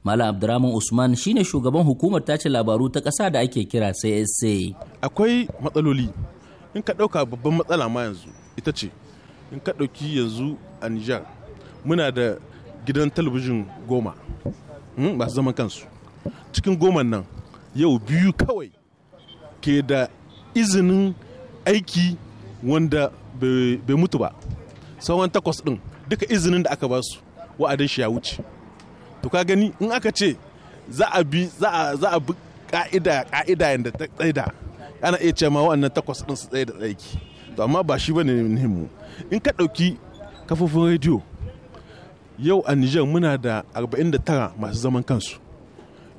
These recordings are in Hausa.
Malam Abdurrahman Usman shine shugaban hukumar tace labaru ta ƙasa da ake kira CSA. Akwai matsaloli. In ka ɗauka babban matsala ma yanzu ita ce in ka ɗauki yanzu a Nijar muna da gidan talabijin goma hmm, masu zaman kansu. Cikin goma nan yau biyu kawai ke da izinin aiki wanda bai mutu ba. Sauran takwas ɗin duka izinin da aka ba su wa'adin shi ya wuce. to ka gani in aka ce za a bi za a bi ka'ida ka'ida yadda ta tsaida ana iya ce ma wa'annan takwas ɗin su tsaye da tsaiki to amma ba shi bane mu in ka ɗauki kafofin rediyo yau a Nijar muna da 49 masu zaman kansu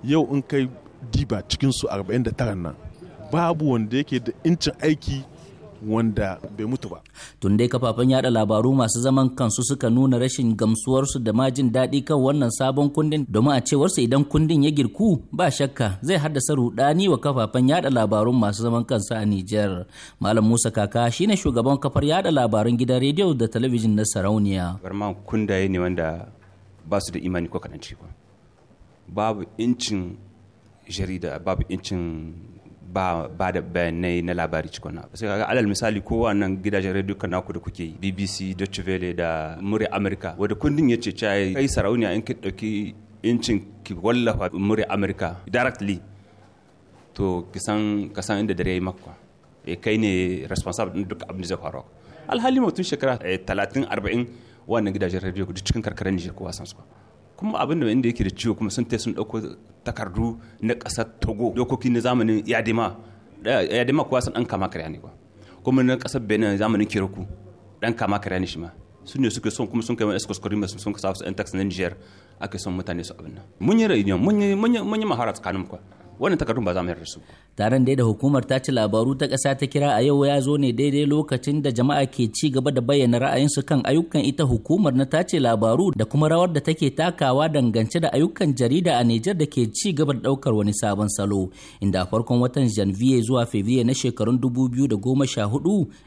yau in kai diba cikinsu 49 nan babu wanda yake da incin aiki wanda bai mutu ba. Tun dai kafafen yada labaru masu zaman kansu suka nuna rashin gamsuwarsu da ma jin daɗi kan wannan sabon kundin domin a cewarsu idan kundin ya girku ba shakka zai haddasa rudani wa kafafen yada labarun masu zaman kansu a Nijar. Malam Musa Kaka shine shugaban kafar yada labarun gidan rediyo da talabijin na Sarauniya. Barman kundaye ne wanda ba su da imani ko kanan Babu incin jarida babu incin ba ba da bayanai na labari cikin na sai kaga alal misali ko wannan gidajen radio kan naku da kuke BBC Deutsche Welle da Murya America wanda kundin yace cewa kai sarauniya in ki dauki incin ki wallafa Murya America directly to kisan kasan inda dare yi makwa e eh, kai ne responsible din duk abin da zai faru alhali mutum shekara 30 eh, 40 wannan gidajen radio duk cikin karkarar Niger kowa san su kuma abin da inda yake da ciwo kuma sun tai sun ɗauko takardu na ƙasar togo dokoki na zamanin yadima yadima kuwa sun ɗan kama karya ne kuwa kuma na ƙasar benin zamanin kiroku ɗan kama karya ne shi ma su ne suke son kuma sun kai Eskos korima sun kasa su ɗan tax na niger ake son mutane su abin nan mun yi rayuwa mun yi mahara tsakanin kuwa wannan takardun ba za mu yarda su taron da hukumar ta ci labaru ta ƙasa ta kira a yau ya zo ne daidai lokacin da jama'a ke ci gaba da bayyana ra'ayinsu kan ayyukan ita hukumar na tace labaru da kuma rawar da take takawa dangance da ayyukan jarida a Nijar da ke ci gaba da ɗaukar wani sabon salo inda a farkon watan janvier zuwa fevrier na shekarun 2014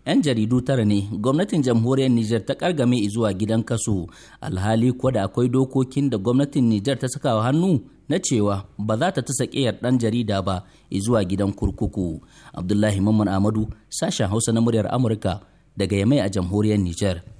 'yan jaridu tara ne gwamnatin jamhuriyar Nijar ta kargame zuwa gidan kasu alhali kuwa da akwai dokokin da gwamnatin Nijar ta sakawa hannu na cewa ba za ta ta sakiyar ɗan jarida ba zuwa gidan kurkuku abdullahi mamman amadu sashen hausa na muryar amurka daga yamai a jamhuriyar Nijar.